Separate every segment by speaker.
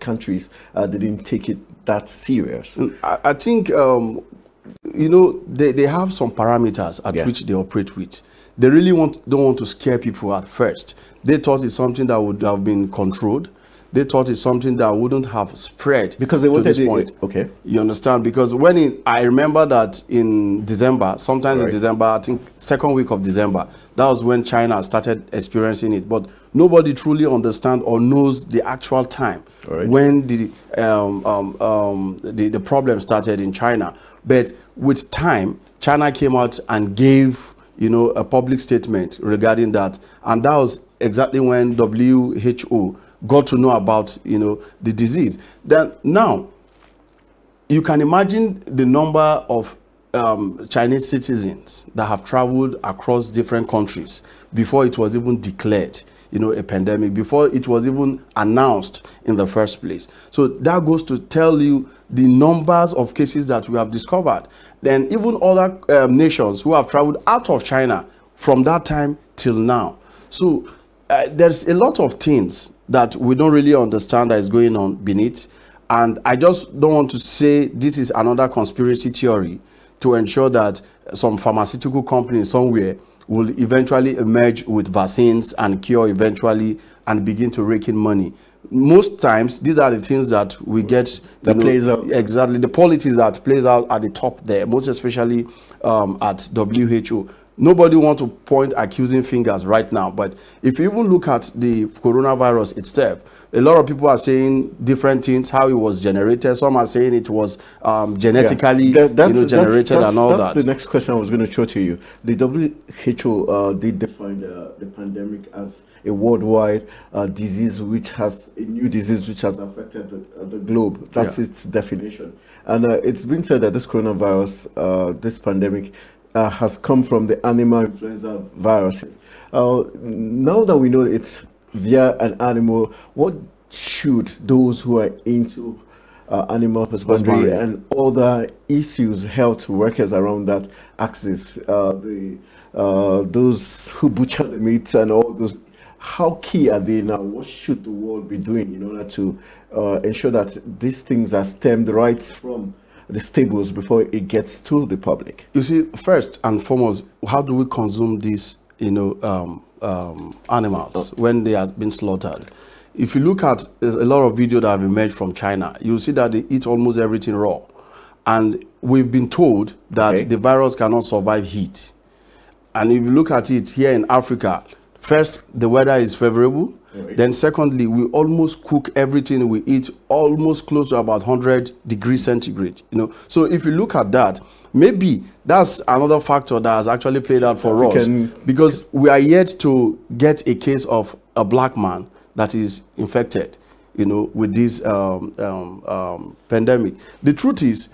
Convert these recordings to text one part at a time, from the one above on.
Speaker 1: countries uh, didn't take it that serious. I, I think, um, you know, they, they have some parameters at yeah. which they operate with. They really want don't want to scare people at first. They thought it's something that would have been controlled they thought it's something that wouldn't have spread because they wanted to this the, point. Okay, you understand? Because when in, I remember that in December, sometimes right. in December, I think second week of December, that was when China started experiencing it. But nobody truly understands or knows the actual time right. when the, um, um, um, the the problem started in China. But with time, China came out and gave you know a public statement regarding that, and that was exactly when WHO got to know about, you know, the disease. Then now, you can imagine the number of um, Chinese citizens that have traveled across different countries before it was even declared, you know, a pandemic, before it was even announced in the first place. So that goes to tell you the numbers of cases that we have discovered. Then even other um, nations who have traveled out of China from that time till now. So uh, there's a lot of things that we don't really understand that is going on beneath. And I just don't want to say this is another conspiracy theory to ensure that some pharmaceutical company somewhere will eventually emerge with vaccines and cure eventually and begin to rake in money. Most times, these are the things that we mm. get. That know, plays out. Exactly. The politics that plays out at the top there, most especially um, at WHO nobody want to point accusing fingers right now but if you even look at the coronavirus itself a lot of people are saying different things how it was generated some are saying it was um, genetically yeah, that, you know, generated that's, that's, and all that's that that's
Speaker 2: the next question i was going to show to you the who uh, did define uh, the pandemic as a worldwide uh, disease which has a new disease which has affected the, uh, the globe that's yeah. its definition and uh, it's been said that this coronavirus uh, this pandemic uh, has come from the animal influenza viruses. Uh, now that we know it's via an animal, what should those who are into uh, animal husbandry and other issues, health workers around that axis, uh, the, uh, those who butcher the meat and all those, how key are they now? What should the world be doing in order to uh, ensure that these things are stemmed right from the stables before it gets to the public? You see, first and foremost,
Speaker 1: how do we consume these, you know, um, um, animals when they have been slaughtered? If you look at a lot of video that have emerged from China, you see that they eat almost everything raw. And we've been told that okay. the virus cannot survive heat. And if you look at it here in Africa, First, the weather is favorable. Right. Then secondly, we almost cook everything we eat almost close to about 100 degrees centigrade. You know, so if you look at that, maybe that's another factor that has actually played out for us because we are yet to get a case of a black man that is infected, you know, with this um, um, um, pandemic. The truth is,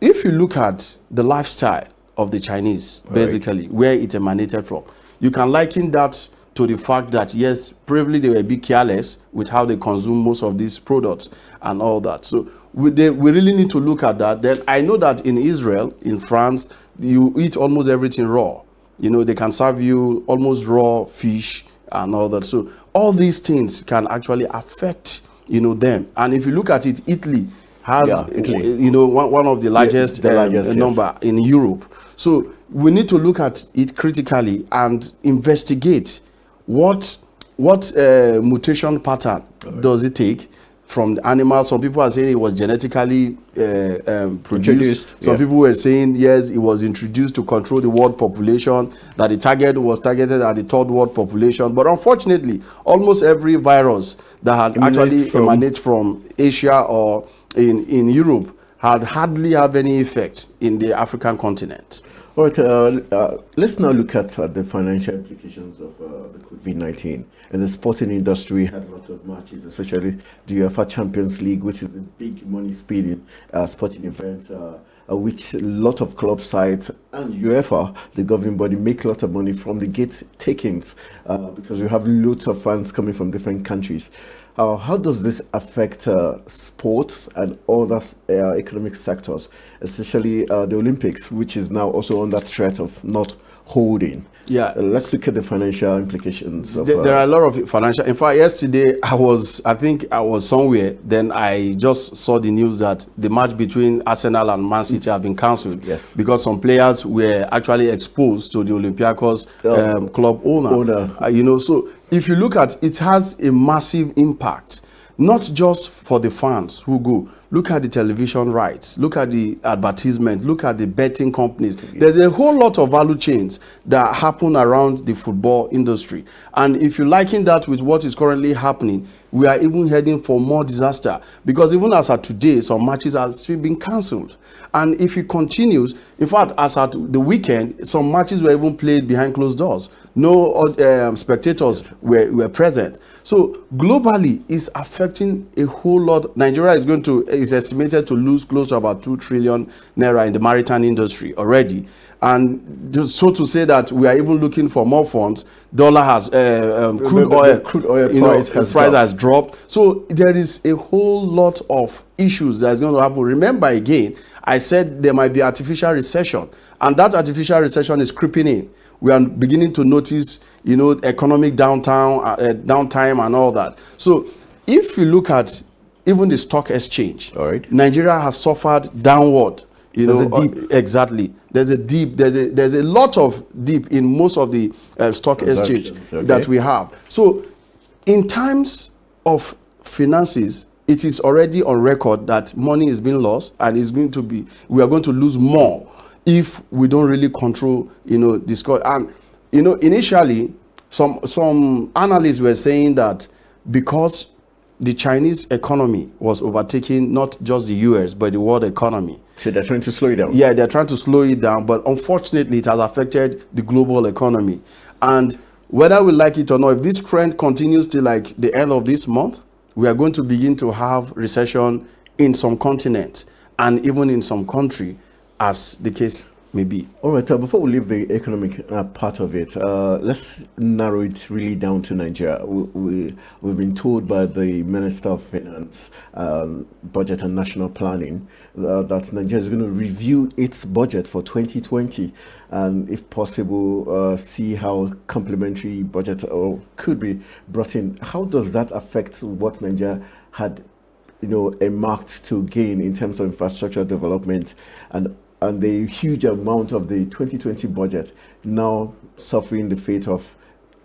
Speaker 1: if you look at the lifestyle of the Chinese, basically right. where it emanated from you can liken that to the fact that yes, probably they were a bit careless with how they consume most of these products and all that. So we, they, we really need to look at that. Then I know that in Israel, in France, you eat almost everything raw. You know, they can serve you almost raw fish and all that. So all these things can actually affect, you know, them. And if you look at it, Italy has, yeah, Italy. you know, one, one of the largest, yeah, the um, largest um, yes. number in Europe. So we need to look at it critically and investigate what what uh, mutation pattern right. does it take from the Some people are saying it was genetically uh, um, produced. Some yeah. people were saying yes, it was introduced to control the world population. That the target was targeted at the third world population. But unfortunately, almost every virus that had emanates actually from emanates from Asia or in in
Speaker 2: Europe had hardly have any effect in the African continent. All right, uh, uh, let's now look at uh, the financial implications of uh, the COVID-19. And the sporting industry had a lot of matches, especially the UEFA Champions League, which is a big money-spending uh, sporting event uh, which a lot of club sides and UEFA, the governing body, make a lot of money from the gate takings uh, because you have loads of fans coming from different countries. Uh, how does this affect uh, sports and other uh, economic sectors, especially uh, the Olympics, which is now also under threat of not holding? Yeah. Uh, let's look at the financial implications. Of, there, uh, there are a
Speaker 1: lot of financial. In fact, yesterday I was, I think I was somewhere. Then I just saw the news that the match between Arsenal and Man City have been cancelled. Yes. Because some players were actually exposed to the Olympiacos oh. um, club owner. owner. you know, so if you look at it has a massive impact not just for the fans who go look at the television rights look at the advertisement look at the betting companies there's a whole lot of value chains that happen around the football industry and if you liken that with what is currently happening we are even heading for more disaster because even as at today some matches are still being cancelled and if it continues in fact as at the weekend some matches were even played behind closed doors no um, spectators were, were present so globally it's affecting a whole lot nigeria is going to is estimated to lose close to about two trillion naira in the maritime industry already And just so to say that we are even looking for more funds, dollar has, uh, um, crude, the, the, oil, the crude, oil, you price, know, has, price dropped. has dropped. So there is a whole lot of issues that's going to happen. Remember again, I said there might be artificial recession, and that artificial recession is creeping in. We are beginning to notice, you know, economic downtown, uh, uh downtime and all that. So if you look at even the stock exchange, all right. Nigeria has suffered downward you there's know, uh, exactly. There's a deep, there's a, there's a lot of deep in most of the uh, stock exchange okay. that we have. So in times of finances, it is already on record that money is being lost and is going to be, we are going to lose more if we don't really control, you know, this. And, you know, initially, some, some analysts were saying that because the Chinese economy was overtaking not just the US, but the world economy, so they're trying to slow it down. Yeah, they're trying to slow it down, but unfortunately, it has affected the global economy. And whether we like it or not, if this trend continues till like the end of this month, we are going to begin to have recession in some continents
Speaker 2: and even in some country, as the case maybe all right uh, before we leave the economic uh, part of it uh, let's narrow it really down to nigeria we, we, have been told by the minister of finance um, budget and national planning uh, that nigeria is going to review its budget for 2020 and if possible uh, see how complementary budget uh, could be brought in how does that affect what nigeria had you know, earmarked to gain in terms of infrastructure development and and the huge amount of the 2020 budget now suffering the fate of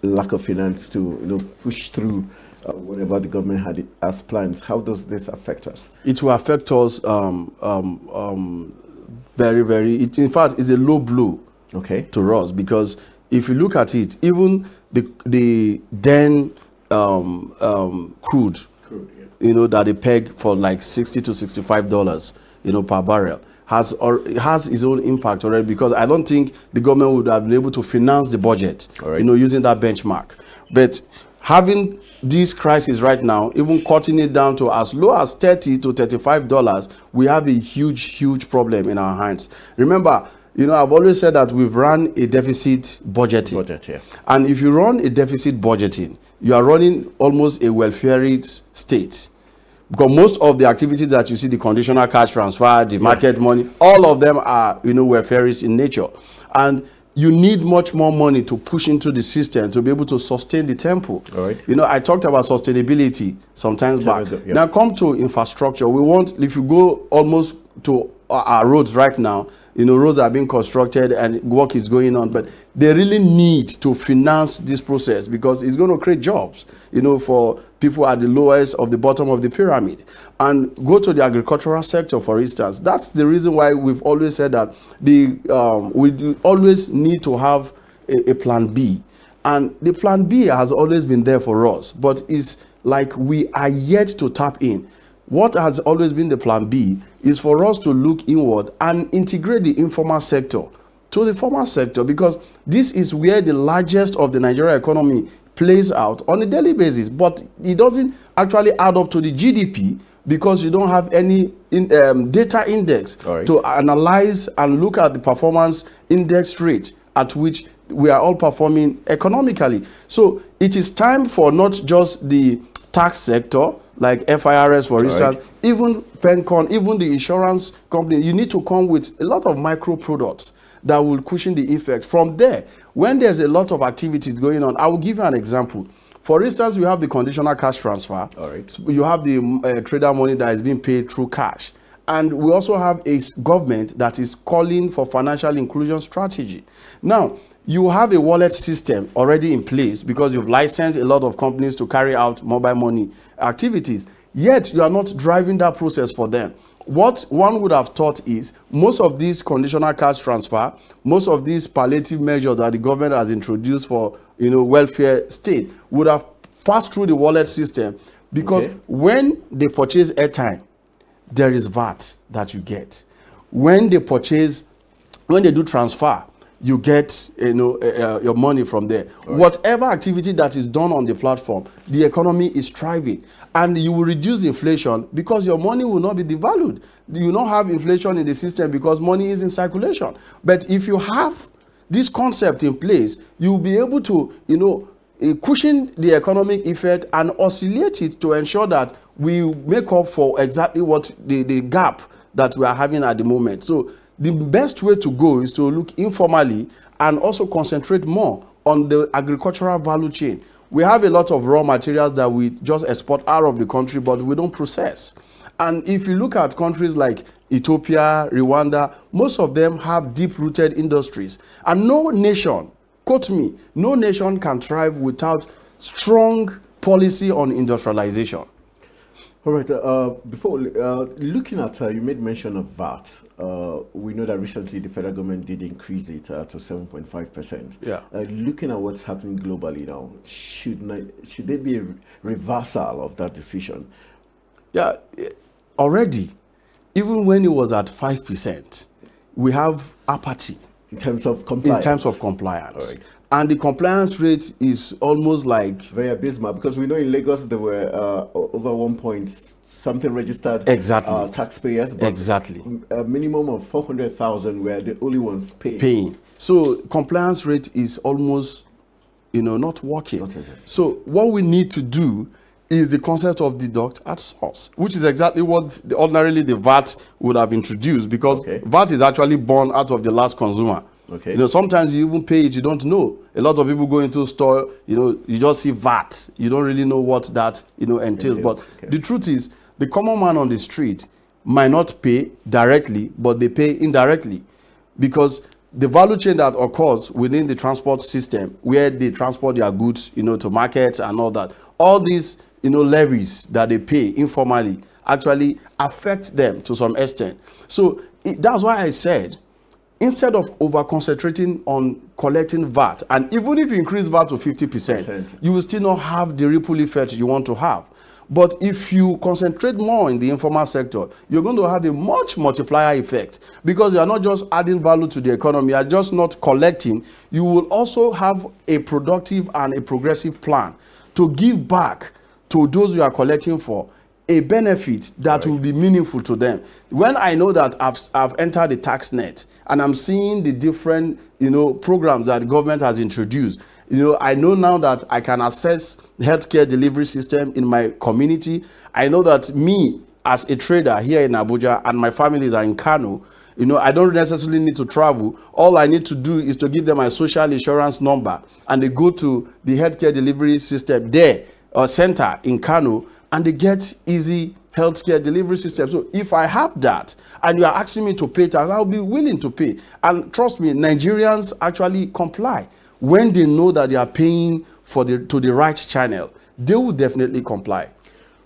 Speaker 2: lack of finance to you know push through uh, whatever the government had as plans. How does this affect us?
Speaker 1: It will affect us um, um, um, very, very. It, in fact, it's a low blow okay. to us because if you look at it, even the the then um, um, crude, crude yeah. you know, that they peg for like sixty to sixty-five dollars, you know, per barrel has or has its own impact already because I don't think the government would have been able to finance the budget, right. you know, using that benchmark. But having this crisis right now, even cutting it down to as low as 30 to 35 dollars, we have a huge, huge problem in our hands. Remember, you know, I've always said that we've run a deficit budgeting. Budget, yeah. And if you run a deficit budgeting, you are running almost a welfare state because most of the activities that you see the conditional cash transfer the market yeah. money all of them are you know welfareist in nature and you need much more money to push into the system to be able to sustain the temple right. you know i talked about sustainability sometimes yeah, back uh, yeah. now come to infrastructure we want if you go almost to uh, our roads right now you know roads are being constructed and work is going on but they really need to finance this process because it's going to create jobs you know for people at the lowest of the bottom of the pyramid. And go to the agricultural sector, for instance. That's the reason why we've always said that the, um, we always need to have a, a plan B. And the plan B has always been there for us, but it's like we are yet to tap in. What has always been the plan B is for us to look inward and integrate the informal sector to the formal sector because this is where the largest of the Nigeria economy plays out on a daily basis, but it doesn't actually add up to the GDP because you don't have any in, um, data index right. to analyze and look at the performance index rate at which we are all performing economically. So it is time for not just the tax sector, like FIRS, for instance, even PenCon, even the insurance company, you need to come with a lot of micro products that will cushion the effects. From there, when there's a lot of activities going on, I will give you an example. For instance, you have the conditional cash transfer. All right. you have the uh, trader money that is being paid through cash. And we also have a government that is calling for financial inclusion strategy. Now, you have a wallet system already in place because you've licensed a lot of companies to carry out mobile money activities. Yet, you are not driving that process for them what one would have thought is most of these conditional cash transfer, most of these palliative measures that the government has introduced for you know welfare state would have passed through the wallet system because okay. when they purchase airtime, there is VAT that you get. When they purchase, when they do transfer, you get you know uh, uh, your money from there. Right. Whatever activity that is done on the platform, the economy is thriving. and you will reduce inflation because your money will not be devalued. You will not have inflation in the system because money is in circulation. But if you have this concept in place, you will be able to, you know, eh, cushion the economic effect and oscillate it to ensure that we make up for exactly what the, the gap that we are having at the moment. So the best way to go is to look informally and also concentrate more on the agricultural value chain we have a lot of raw materials that we just export out of the country, but we don't process. And if you look at countries like Ethiopia, Rwanda, most of them have deep-rooted industries. And no nation, quote me, no nation can thrive without strong policy on industrialization.
Speaker 2: All right. Uh, before uh, looking at, uh, you made mention of VAT uh, we know that recently the federal government did increase it uh, to 7.5%. Yeah. Uh, looking at what's happening globally now, should not, should there be a reversal of that decision? Yeah, eh, already, even
Speaker 1: when it was at 5%, we have apathy. In terms of compliance? In terms of compliance.
Speaker 2: And the compliance rate is almost like... Very abysmal, because we know in Lagos there were uh, over 1. something registered uh, exactly uh, taxpayers exactly mm, a minimum of 400,000 were the only ones paying
Speaker 1: paying so compliance rate is almost you know not working not so what we need to do is the concept of deduct at source which is exactly what the, ordinarily the VAT would have introduced because okay. VAT is actually born out of the last consumer Okay. You know, sometimes you even pay it, you don't know. A lot of people go into a store, you know, you just see VAT. You don't really know what that, you know, entails. entails. But okay. the truth is, the common man on the street might not pay directly, but they pay indirectly. Because the value chain that occurs within the transport system, where they transport their goods, you know, to markets and all that, all these, you know, levies that they pay informally actually affect them to some extent. So it, that's why I said instead of over concentrating on collecting VAT, and even if you increase VAT to 50%, you will still not have the ripple effect you want to have. But if you concentrate more in the informal sector, you're going to have a much multiplier effect because you are not just adding value to the economy, you are just not collecting. You will also have a productive and a progressive plan to give back to those you are collecting for a benefit that right. will be meaningful to them. When I know that I've, I've entered the tax net and I'm seeing the different you know programs that government has introduced, you know I know now that I can assess healthcare delivery system in my community. I know that me as a trader here in Abuja and my families are in Kano. You know, I don't necessarily need to travel. All I need to do is to give them my social insurance number and they go to the healthcare delivery system there or uh, center in Kano and they get easy healthcare delivery system. So if I have that and you are asking me to pay tax, I'll be willing to pay. And trust me, Nigerians actually comply. When they know that they are paying for the, to the right channel, they will definitely
Speaker 2: comply.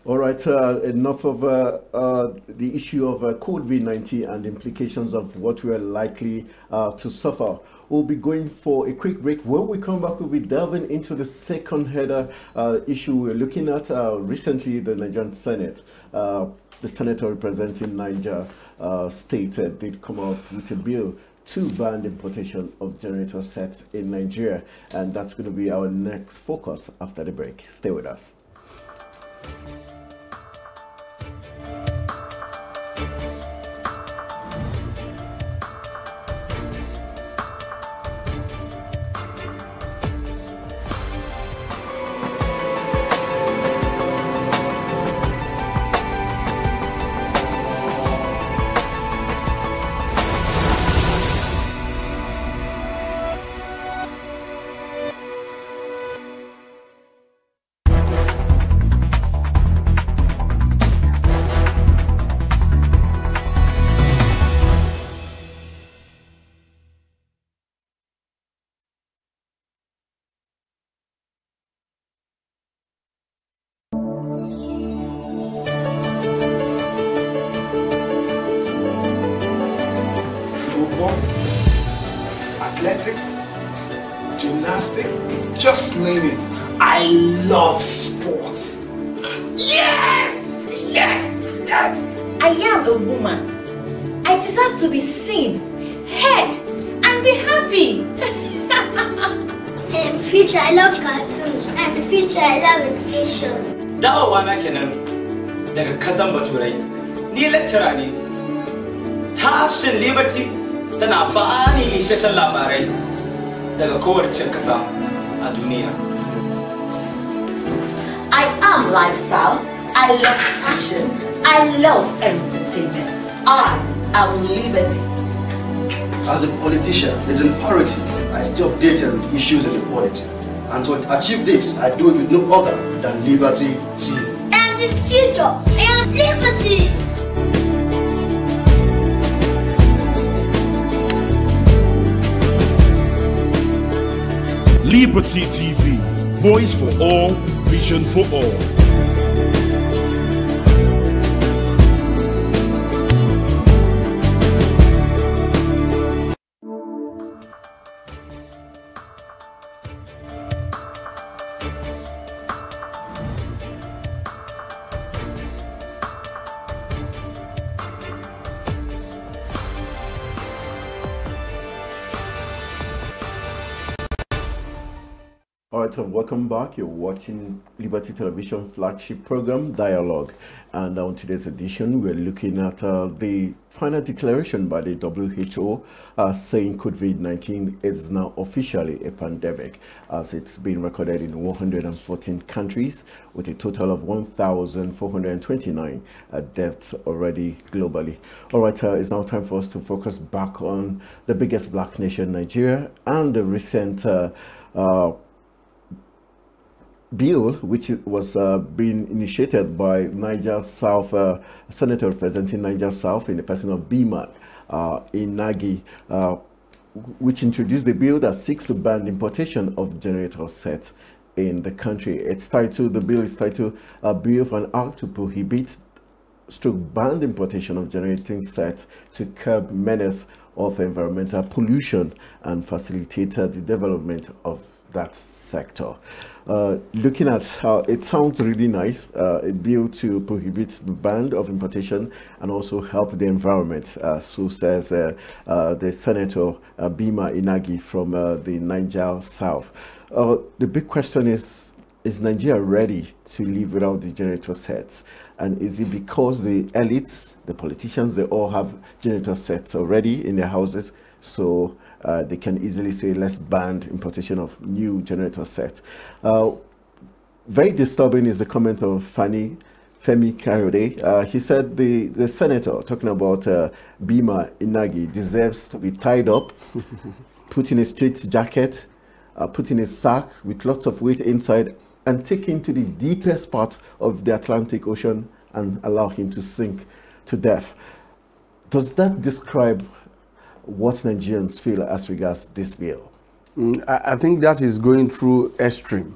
Speaker 2: All right, uh, enough of uh, uh, the issue of uh, COVID-19 and implications of what we are likely uh, to suffer we'll be going for a quick break. When we come back, we'll be delving into the second header uh, issue we're looking at uh, recently, the Nigerian Senate. Uh, the senator representing Niger uh, stated did come up with a bill to ban the importation of generator sets in Nigeria. And that's going to be our next focus after the break. Stay with us.
Speaker 1: I will liberty. As a politician, it's imperative I stay updated with issues in the polity. And to achieve this, I do it with no other than Liberty TV. And in future, I am Liberty! Liberty TV, voice for all, vision for all.
Speaker 2: and welcome back. You're watching Liberty Television flagship program, Dialogue. And on today's edition, we're looking at uh, the final declaration by the WHO uh, saying COVID-19 is now officially a pandemic as it's been recorded in 114 countries with a total of 1,429 uh, deaths already globally. All right, uh, it's now time for us to focus back on the biggest black nation, Nigeria, and the recent uh, uh bill, which was uh, being initiated by Niger South uh, Senator representing Niger South in the person of BMAC uh, in Nagi, uh, which introduced the bill that seeks to ban importation of generator sets in the country. It's titled, the bill is titled, a bill for an act to prohibit stroke ban importation of generating sets to curb menace of environmental pollution and facilitate the development of that sector. Uh, looking at how it sounds really nice, uh, a bill to prohibit the ban of importation and also help the environment, uh, so says uh, uh, the Senator uh, Bima Inagi from the Niger South. the big question is, is Nigeria ready to live without the generator sets? And is it because the elites, the politicians, they all have generator sets already in their houses? So uh, they can easily say, let's ban importation of new generator set. Uh, very disturbing is the comment of Fanny Femi Karode. Uh, he said the, the senator, talking about uh, Bima Inagi, deserves to be tied up, put in a straight jacket, uh, put in a sack with lots of weight inside, and taken to the deepest part of the Atlantic Ocean and allow him to sink to death. Does that describe what Nigerians feel as regards this bill?
Speaker 1: Mm, I, think that is going through extreme,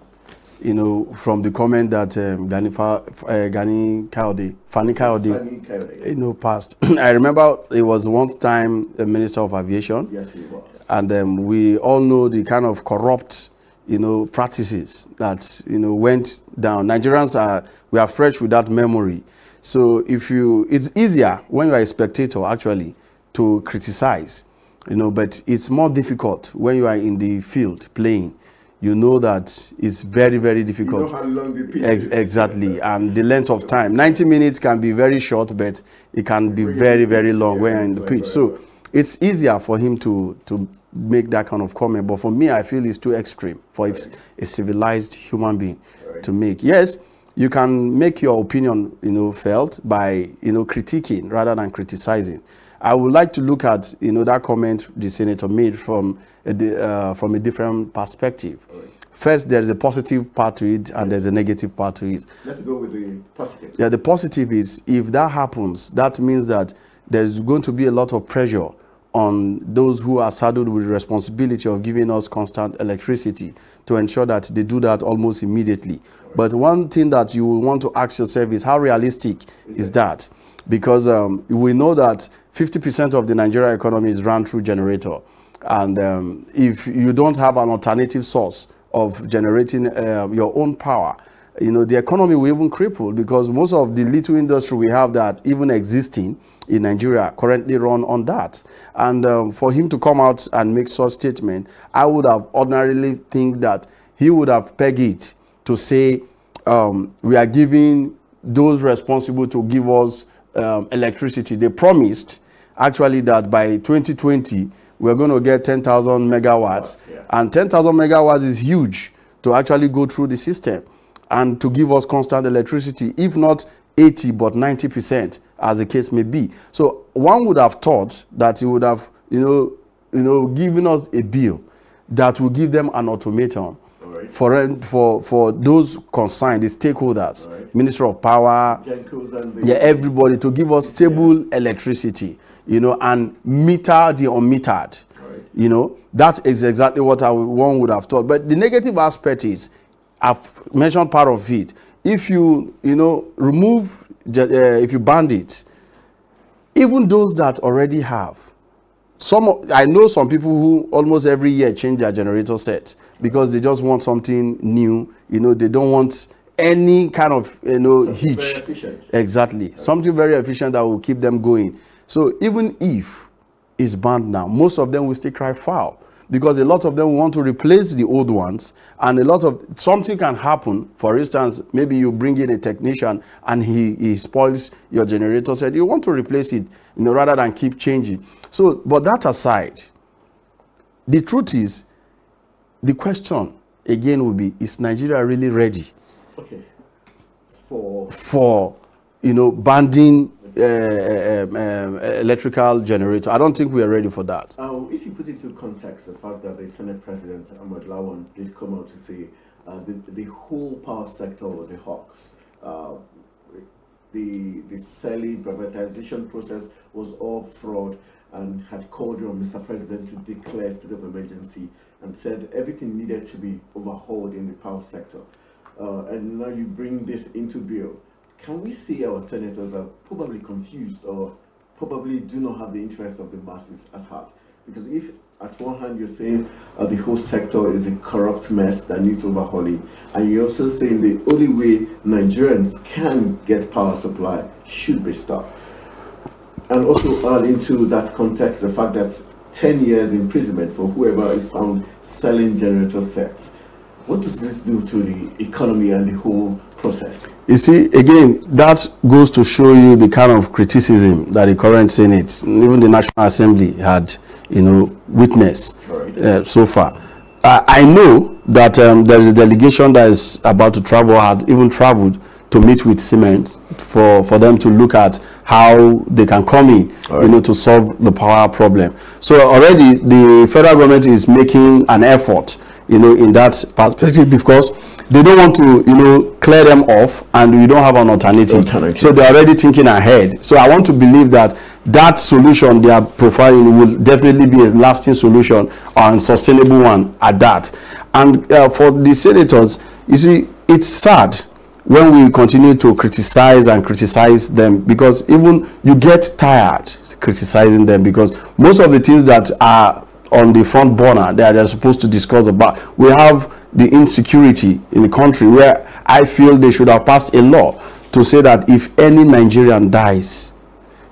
Speaker 1: you know, from the comment that um, Gani, Fa, uh, Gani Kaudi, Fani Kaudi, you know, passed. I remember it was once time the Minister of Aviation. Yes, he was. And um, we all know the kind of corrupt you know, practices that, you know, went down. Nigerians are, we are fresh with that memory. So if you, it's easier when you are a spectator, actually, to criticize, you know, but it's more difficult when you are in the field playing. You know that it's very, very difficult. You know how long the Ex Exactly, and the length of time. 90 minutes can be very short, but it can be very, very long when you're in the pitch. So it's easier for him to, to make that kind of comment. But for me, I feel it's too extreme for right. a civilized human being right. to make. Yes, you can make your opinion, you know, felt by, you know, critiquing rather than criticizing. I would like to look at you know that comment the senator made from a, uh, from a different perspective. First, there is a positive part to it, and there's a negative part to it.
Speaker 2: Let's go with the positive. Yeah,
Speaker 1: the positive is if that happens, that means that there's going to be a lot of pressure on those who are saddled with the responsibility of giving us constant electricity to ensure that they do that almost immediately. Right. But one thing that you will want to ask yourself is how realistic is, is that? that? because um, we know that 50% of the Nigeria economy is run through generator. And um, if you don't have an alternative source of generating uh, your own power, you know, the economy will even cripple because most of the little industry we have that even existing in Nigeria currently run on that. And um, for him to come out and make such statement, I would have ordinarily think that he would have pegged it to say, um, we are giving those responsible to give us um, electricity. They promised actually that by 2020, we're going to get 10,000 megawatts. Yeah. And 10,000 megawatts is huge to actually go through the system and to give us constant electricity, if not 80, but 90%, as the case may be. So one would have thought that it would have, you know, you know, given us a bill that will give them an automaton right. for, for, for those concerned, the stakeholders, right. Minister of Power, yeah, everybody to give us stable yeah. electricity, you know, and meter the unmetered. Right. You know, that is exactly what I, one would have thought. But the negative aspect is, I've mentioned part of it. If you, you know, remove, uh, if you ban it, even those that already have, some I know some people who almost every year change their generator set because they just want something new. You know, they don't want any kind of you know something hitch. Exactly, okay. something very efficient that will keep them going. So even if it's banned now, most of them will still cry foul because a lot of them want to replace the old ones and a lot of something can happen for instance maybe you bring in a technician and he, he spoils your generator said you want to replace it you know, rather than keep changing so but that aside the truth is the question again will be is nigeria really ready
Speaker 2: okay. for
Speaker 1: for you know banding uh, um, um, electrical generator. I don't think we are ready for that.
Speaker 2: Uh, if you put into context the fact that the Senate President Ahmed Lawan did come out to say uh, the, the whole power sector was a hoax. Uh, the, the selling privatization process was all fraud and had called on Mr. President to declare state of emergency and said everything needed to be overhauled in the power sector. Uh, and now you bring this into bill can we see our senators are probably confused or probably do not have the interest of the masses at heart? Because if at one hand you're saying uh, the whole sector is a corrupt mess that needs overhauling, and you're also saying the only way Nigerians can get power supply should be stopped. And also add into that context the fact that 10 years imprisonment for whoever is found selling generator sets what does this do to the economy and the whole process?
Speaker 1: You see, again, that goes to show you the kind of criticism that the current Senate, even the National Assembly, had, you know, witnessed right. uh, so far. I know that um, there is a delegation that is about to travel, had even traveled to meet with Siemens for, for them to look at how they can come in, right. you know, to solve the power problem. So already the federal government is making an effort you know, in that perspective because they don't want to, you know, clear them off and you don't have an alternative. alternative. So they're already thinking ahead. So I want to believe that that solution they are profiling will definitely be a lasting solution and sustainable one at that. And uh, for the senators, you see, it's sad when we continue to criticize and criticize them because even you get tired criticizing them because most of the things that are on the front burner that they're supposed to discuss about. We have the insecurity in the country where I feel they should have passed a law to say that if any Nigerian dies,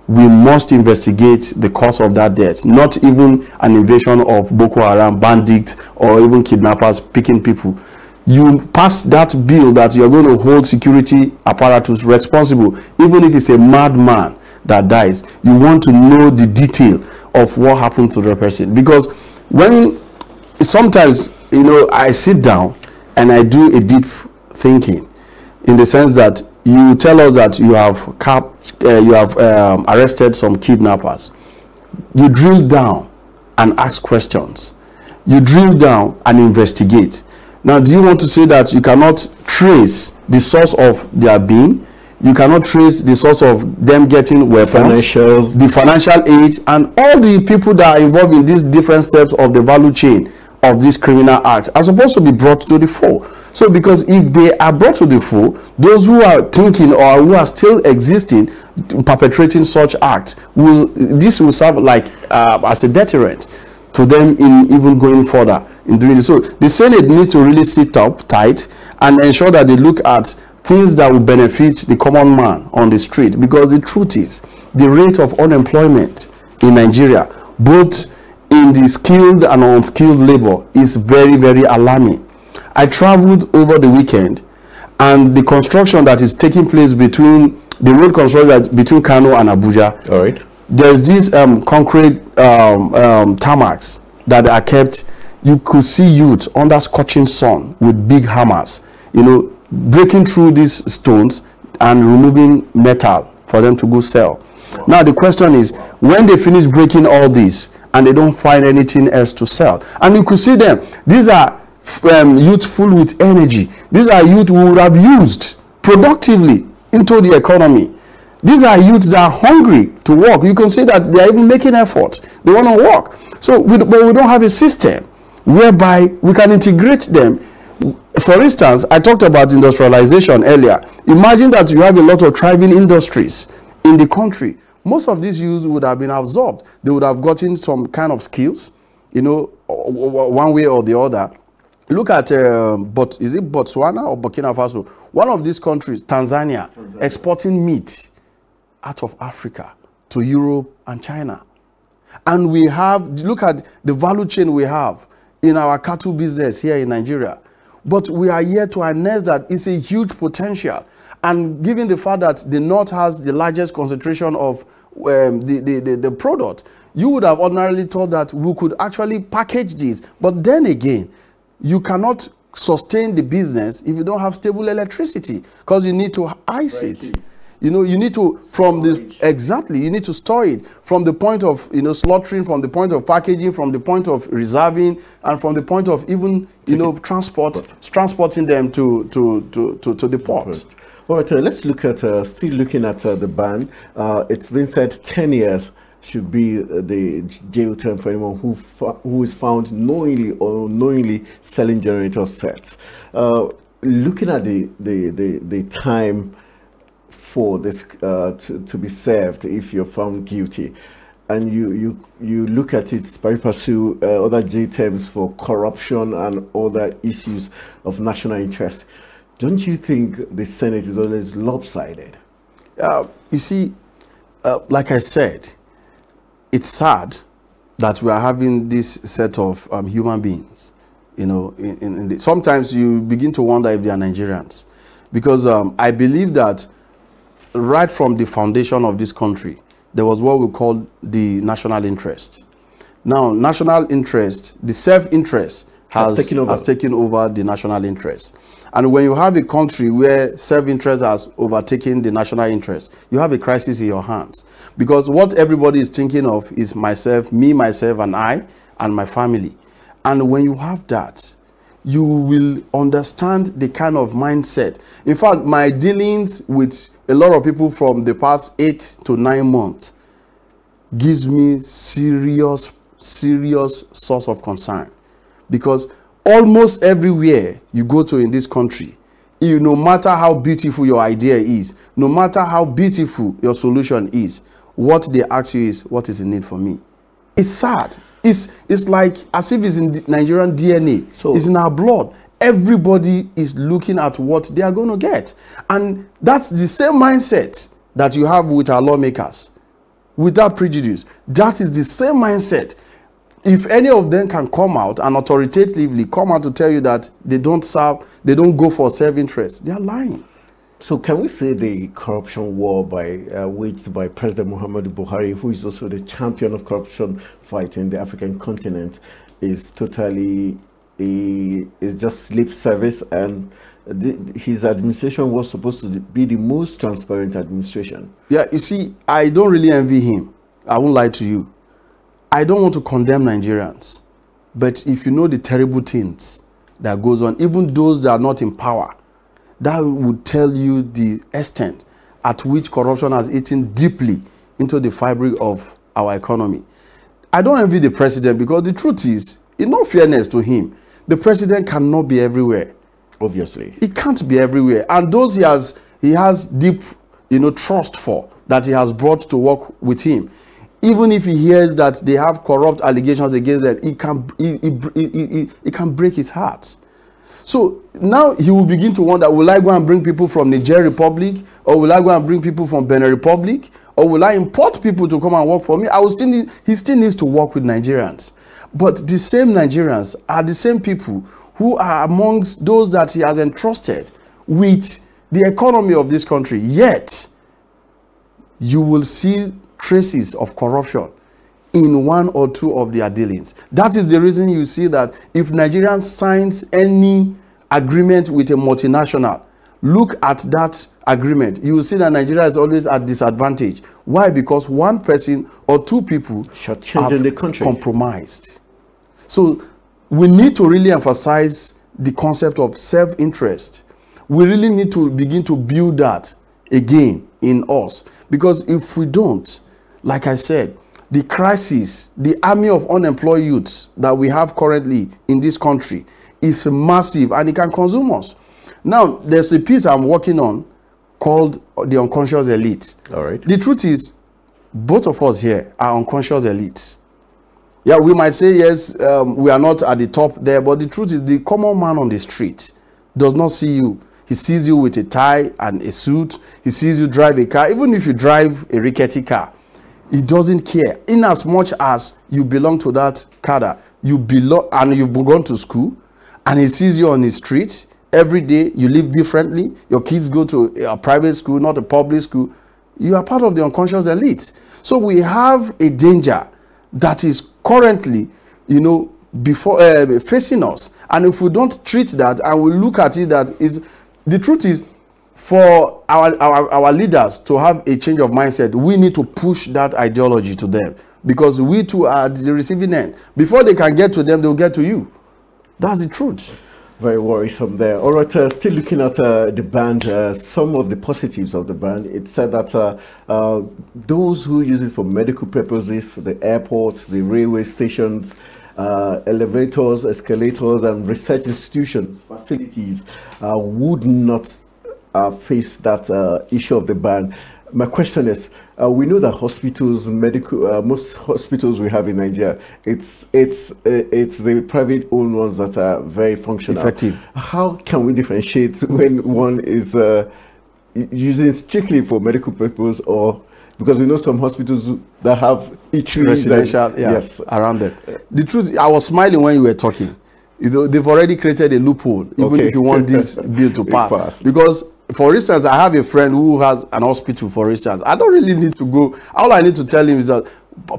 Speaker 1: we must investigate the cause of that death, not even an invasion of Boko Haram, bandits, or even kidnappers picking people. You pass that bill that you're going to hold security apparatus responsible, even if it's a madman that dies. You want to know the detail of what happened to the person because when sometimes you know i sit down and i do a deep thinking in the sense that you tell us that you have cap uh, you have um, arrested some kidnappers you drill down and ask questions you drill down and investigate now do you want to say that you cannot trace the source of their being you cannot trace the source of them getting weapons, financial. the financial aid, and all the people that are involved in these different steps of the value chain of these criminal acts are supposed to be brought to the fore. So, because if they are brought to the fore, those who are thinking or who are still existing, perpetrating such acts, will this will serve like uh, as a deterrent to them in even going further in doing this. So, the Senate needs to really sit up tight and ensure that they look at things that will benefit the common man on the street because the truth is the rate of unemployment in Nigeria both in the skilled and unskilled labor is very very alarming I traveled over the weekend and the construction that is taking place between the road construction between Kano and Abuja all right there's these um, concrete um, um, tarmacs that are kept you could see youths under scorching sun with big hammers you know breaking through these stones and removing metal for them to go sell. Now the question is, when they finish breaking all these and they don't find anything else to sell, and you could see them, these are um, full with energy. These are youth who would have used productively into the economy. These are youths that are hungry to work. You can see that they are even making effort. They want to work. So, we, but we don't have a system whereby we can integrate them for instance, I talked about industrialization earlier. Imagine that you have a lot of thriving industries in the country. Most of these youths would have been absorbed. They would have gotten some kind of skills, you know, one way or the other. Look at, uh, um, but is it Botswana or Burkina Faso? One of these countries, Tanzania, Tanzania, exporting meat out of Africa to Europe and China. And we have, look at the value chain we have in our cattle business here in Nigeria. But we are here to harness that it's a huge potential. And given the fact that the north has the largest concentration of um, the, the, the, the product, you would have ordinarily thought that we could actually package this. But then again, you cannot sustain the business if you don't have stable electricity because you need to ice right. it. You know, you need to from the exactly you need to store it from the point of you know slaughtering, from the point of packaging, from the point of reserving, and from the point of even
Speaker 2: you know transport transporting them to to to to, to the port. All right, uh, let's look at uh, still looking at uh, the ban. Uh, it's been said ten years should be uh, the jail term for anyone who who is found knowingly or unknowingly selling generator sets. Uh, looking at the the the, the time for this uh, to, to be served if you're found guilty and you you you look at it by pursue uh, other J terms for corruption and other issues of national interest. Don't you think the Senate is always lopsided? Uh, you see, uh, like I said,
Speaker 1: it's sad that we are having this set of um, human beings. You know, in, in the, sometimes you begin to wonder if they are Nigerians, because um, I believe that right from the foundation of this country, there was what we call the national interest. Now, national interest, the self-interest has, has, taken has, taken over the national interest. And when you have a country where self-interest has overtaken the national interest, you have a crisis in your hands. Because what everybody is thinking of is myself, me, myself, and I, and my family. And when you have that, you will understand the kind of mindset. In fact, my dealings with a lot of people from the past eight to nine months gives me serious, serious source of concern because almost everywhere you go to in this country, you, no matter how beautiful your idea is, no matter how beautiful your solution is, what they ask you is, what is the need for me? It's sad. It's, it's like as if it's in Nigerian DNA. So it's in our blood. Everybody is looking at what they are going to get. And that's the same mindset that you have with our lawmakers, without prejudice. That is the same mindset. If any of them can come out and authoritatively come out
Speaker 2: to tell you that they don't serve, they don't go for self-interest, they are lying. So can we say the corruption war by uh, waged by President Muhammad Buhari, who is also the champion of corruption fight in the African continent, is totally a, is just lip service and the, his administration was supposed to be the most transparent administration.
Speaker 1: Yeah, you see, I don't really envy him. I won't lie to you. I don't want to condemn Nigerians, but if you know the terrible things that goes on, even those that are not in power, that would tell you the extent at which corruption has eaten deeply into the fabric of our economy. I don't envy the president because the truth is, in all fairness to him, the president cannot be everywhere. Obviously. He can't be everywhere. And those he has, he has deep you know, trust for that he has brought to work with him. Even if he hears that they have corrupt allegations against them, it can, it, it, it, it, it can break his heart. So now he will begin to wonder, will I go and bring people from Niger Republic? Or will I go and bring people from Benin Republic? Or will I import people to come and work for me? I will still need, he still needs to work with Nigerians. But the same Nigerians are the same people who are amongst those that he has entrusted with the economy of this country. Yet, you will see traces of corruption in one or two of their dealings. That is the reason you see that if Nigerian signs any agreement with a multinational, look at that agreement. You will see that Nigeria is always at disadvantage. Why? Because one person or two people have the country. compromised. So we need to really emphasize the concept of self-interest. We really need to begin to build that again in us. Because if we don't, like I said, the crisis, the army of unemployed youths that we have currently in this country is massive and it can consume us. Now, there's a piece I'm working on called The Unconscious Elite. All right. The truth is, both of us here are unconscious elites. Yeah, we might say, yes, um, we are not at the top there, but the truth is, the common man on the street does not see you. He sees you with a tie and a suit. He sees you drive a car, even if you drive a rickety car He doesn't care. In as much as you belong to that cadre, you belong and you've gone to school, and he sees you on the street every day. You live differently. Your kids go to a private school, not a public school. You are part of the unconscious elite. So we have a danger that is currently, you know, before uh, facing us. And if we don't treat that, and we look at it, that is the truth is for our, our, our leaders to have a change of mindset, we need to push that ideology to them because
Speaker 2: we too are the receiving end. Before they can get to them, they'll get to you. That's the truth. Very worrisome there. All right, uh, still looking at uh, the band, uh, some of the positives of the band. It said that uh, uh, those who use it for medical purposes, the airports, the railway stations, uh, elevators, escalators, and research institutions, facilities uh, would not uh, face that uh, issue of the ban. My question is, uh, we know that hospitals, medical, most hospitals we have in Nigeria, it's it's it's the private-owned ones that are very functional. Effective. How can we differentiate when one is using strictly for medical purpose or because we know some hospitals that have each residential yeah, yes
Speaker 1: around them the truth i was smiling when you were talking they've already created a loophole even okay. if you want this bill to pass, pass. because for instance, I have a friend who has an hospital, for instance. I don't really need to go. All I need to tell him is that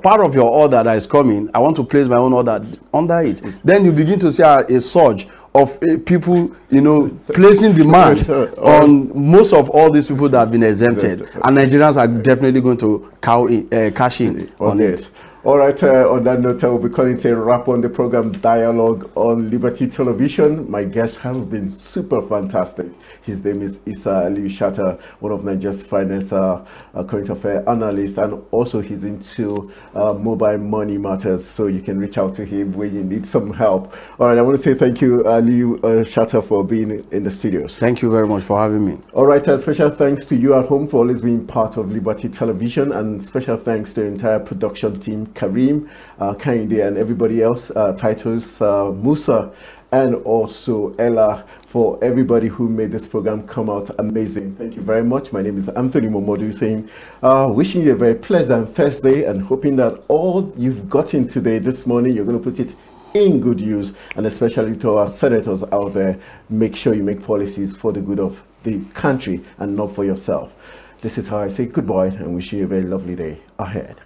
Speaker 1: part of your order that is coming, I want to place my own order under it. Then you begin to see a, a surge of uh, people, you know, placing demand on most of all these people that have been exempted. And Nigerians are definitely going to cow in, uh, cash in okay. on it.
Speaker 2: All right, uh, on that note, I will be calling to a wrap on the program Dialogue on Liberty Television. My guest has been super fantastic. His name is Isa Ali Shatter, one of Nigeria's finest uh, uh, current affairs analysts, and also he's into uh, mobile money matters, so you can reach out to him when you need some help. All right, I want to say thank you, Ali uh, Shatter, for being in the studios. Thank you very much for having me. All right, A special thanks to you at home for always being part of Liberty Television, and special thanks to the entire production team Karim, uh, Kainde, and everybody else, uh, Titus, uh, Musa, and also Ella for everybody who made this program come out amazing. Thank you very much. My name is Anthony Momodu saying, uh, wishing you a very pleasant Thursday and hoping that all you've gotten today, this morning, you're going to put it in good use and especially to our senators out there, make sure you make policies for the good of the country and not for yourself. This is how I say goodbye and wish you a very lovely day ahead.